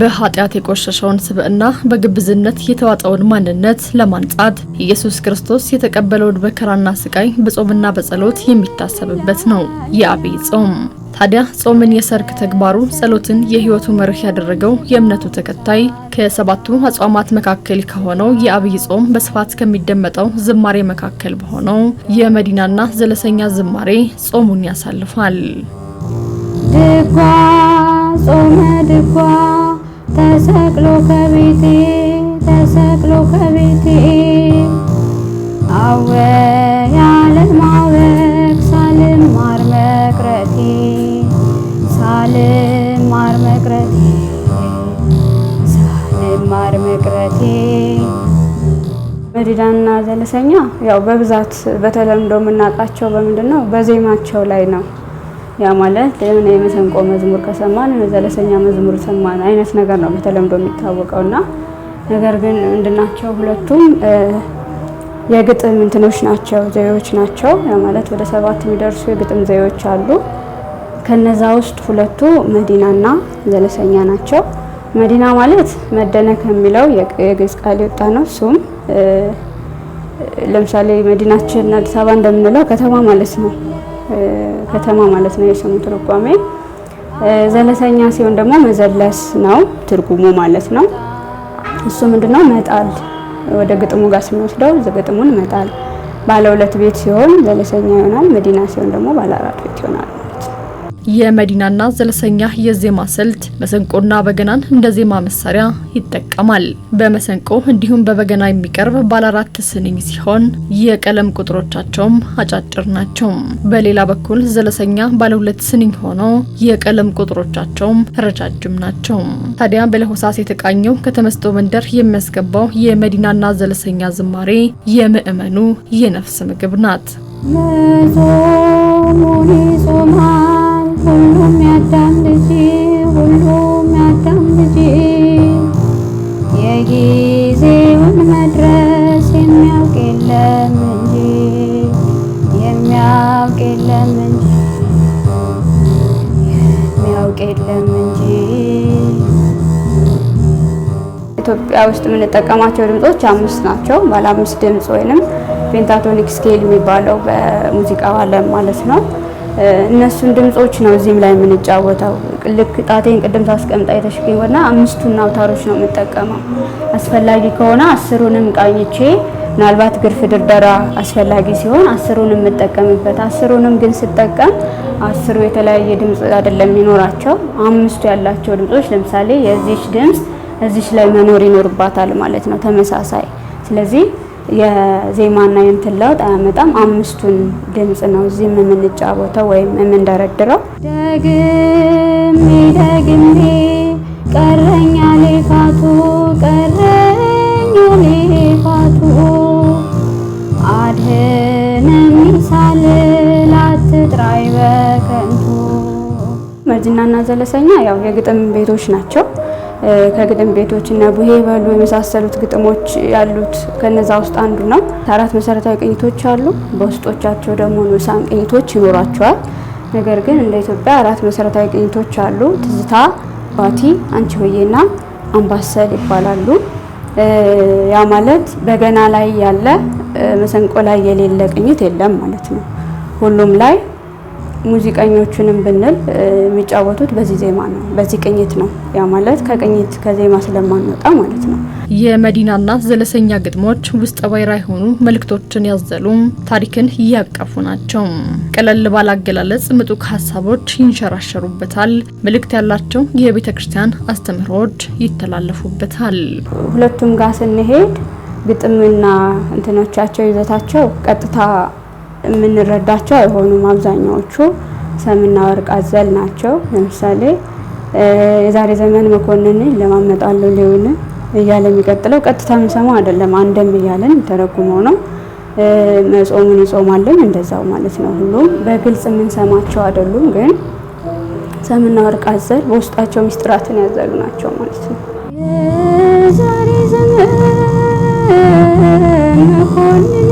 በኃጢአት የቆሸሸውን ስብዕና በግብዝነት የተዋጠውን ማንነት ለማንጻት ኢየሱስ ክርስቶስ የተቀበለውን መከራና ስቃይ በጾምና በጸሎት የሚታሰብበት ነው የአብይ ጾም። ታዲያ ጾምን የሰርክ ተግባሩ፣ ጸሎትን የህይወቱ መርህ ያደረገው የእምነቱ ተከታይ ከሰባቱ አጽዋማት መካከል ከሆነው የአብይ ጾም በስፋት ከሚደመጠው ዝማሬ መካከል በሆነው የመዲናና ዘለሰኛ ዝማሬ ጾሙን ያሳልፋል። ድጓ ጾመ ድጓ ተሰቅሎ ከቤቴ ተሰቅሎ ከቤቴ አወ ያለማወቅ ሳልማር መቅረቴ ሳልማር መቅረቴ ሳልማር መቅረቴ መዲዳና ዘለሰኛ ያው በብዛት በተለምዶ የምናውቃቸው በምንድን ነው? በዜማቸው ላይ ነው። ያ ማለት የሆነ የመሰንቆ መዝሙር ከሰማን ዘለሰኛ መዝሙር ሰማን አይነት ነገር ነው በተለምዶ የሚታወቀው እና ነገር ግን ምንድናቸው ሁለቱም የግጥም እንትኖች ናቸው፣ ዘዬዎች ናቸው። ያ ማለት ወደ ሰባት የሚደርሱ የግጥም ዘዬዎች አሉ። ከነዛ ውስጥ ሁለቱ መዲናና ዘለሰኛ ናቸው። መዲና ማለት መደነቅ የሚለው የግዕዝ ቃል የወጣ ነው። እሱም ለምሳሌ መዲናችን አዲስ አበባ እንደምንለው ከተማ ማለት ነው። ከተማ ማለት ነው የስሙ ትርጓሜ። ዘለሰኛ ሲሆን ደግሞ መዘለስ ነው ትርጉሙ ማለት ነው። እሱ ምንድነው መጣል፣ ወደ ግጥሙ ጋር ስንወስደው ግጥሙን መጣል። ባለ ሁለት ቤት ሲሆን ዘለሰኛ ይሆናል። መዲና ሲሆን ደግሞ ባለ አራት ቤት ይሆናል። የመዲናና ዘለሰኛ የዜማ ስልት መሰንቆና በገናን እንደ ዜማ መሳሪያ ይጠቀማል። በመሰንቆ እንዲሁም በበገና የሚቀርብ ባለ አራት ስንኝ ሲሆን የቀለም ቁጥሮቻቸውም አጫጭር ናቸው። በሌላ በኩል ዘለሰኛ ባለ ሁለት ስንኝ ሆኖ የቀለም ቁጥሮቻቸውም ረጃጅም ናቸው። ታዲያ በለሆሳስ የተቃኘው ከተመስጦ መንደር የሚያስገባው የመዲናና ዘለሰኛ ዝማሬ የምዕመኑ የነፍስ ምግብ ናት። ልጅ ሁሉም ያዳም ልጅ የጊዜውን መድረስ የሚያውቅ የለም እንጂ የሚያውቅ የለም እንጂ የሚያውቅ የለም እንጂ። ኢትዮጵያ ውስጥ የምንጠቀማቸው ድምጾች አምስት ናቸው። ባለ አምስት ድምጽ ወይንም ፔንታቶኒክ ስኬል የሚባለው በሙዚቃ ዓለም ማለት ነው። እነሱን ድምጾች ነው እዚህም ላይ የምንጫወተው። ልክ ጣቴን ቅድም ታስቀምጣ የተሽገኝና አምስቱን አውታሮች ነው የምጠቀመው። አስፈላጊ ከሆነ አስሩንም ቃኝቼ ምናልባት ግርፍ ድርደራ አስፈላጊ ሲሆን አስሩን የምጠቀምበት። አስሩንም ግን ስጠቀም አስሩ የተለያየ ድምጽ አይደለም የሚኖራቸው። አምስቱ ያላቸው ድምጾች ለምሳሌ የዚች ድምጽ እዚች ላይ መኖር ይኖርባታል ማለት ነው ተመሳሳይ ስለዚህ የዜማና የእንትን ለውጥ አያመጣም። አምስቱን ድምፅ ነው እዚህ የምንጫወተው ወይም የምንደረድረው። ደግሜ ደግሜ ቀረኛ ሌፋቱ ቀረኛ ሌፋቱ አድህነኝ ሳልላት ጥራይ በከንቱ ዘለሰኛ ያው የግጥም ቤቶች ናቸው። ከግጥም ቤቶች እና ቡሄ በሉ የመሳሰሉት ግጥሞች ያሉት ከነዛ ውስጥ አንዱ ነው። አራት መሰረታዊ ቅኝቶች አሉ። በውስጦቻቸው ደግሞ ንዑሳን ቅኝቶች ይኖሯቸዋል። ነገር ግን እንደ ኢትዮጵያ አራት መሰረታዊ ቅኝቶች አሉ። ትዝታ፣ ባቲ፣ አንቺ ሆዬና አምባሰል ይባላሉ። ያ ማለት በገና ላይ ያለ መሰንቆ ላይ የሌለ ቅኝት የለም ማለት ነው። ሁሉም ላይ ሙዚቀኞቹንም ብንል የሚጫወቱት በዚህ ዜማ ነው፣ በዚህ ቅኝት ነው። ያ ማለት ከቅኝት ከዜማ ስለማንወጣ ማለት ነው። የመዲናና ዘለሰኛ ግጥሞች ውስጠ ባይራ የሆኑ መልእክቶችን ያዘሉ ታሪክን እያቀፉ ናቸው። ቀለል ባለ አገላለጽ ምጡቅ ሀሳቦች ይንሸራሸሩበታል። መልእክት ያላቸው የቤተ ክርስቲያን አስተምህሮዎች ይተላለፉበታል። ሁለቱም ጋር ስንሄድ ግጥምና እንትኖቻቸው ይዘታቸው ቀጥታ የምንረዳቸው አይሆኑም። አብዛኛዎቹ ሰምና ወርቅ አዘል ናቸው። ለምሳሌ የዛሬ ዘመን መኮንን ለማመጣለሁ ሊሆን እያለ የሚቀጥለው ቀጥታ የምንሰማው አይደለም። አንደም እያለን የተረጉመው ነው። መጾሙን ይጾማለን እንደዛው ማለት ነው። ሁሉም በግልጽ የምንሰማቸው አይደሉም፣ ግን ሰምና ወርቅ አዘል በውስጣቸው ሚስጥራትን ያዘሉ ናቸው ማለት ነው። የዛሬ ዘመን መኮንን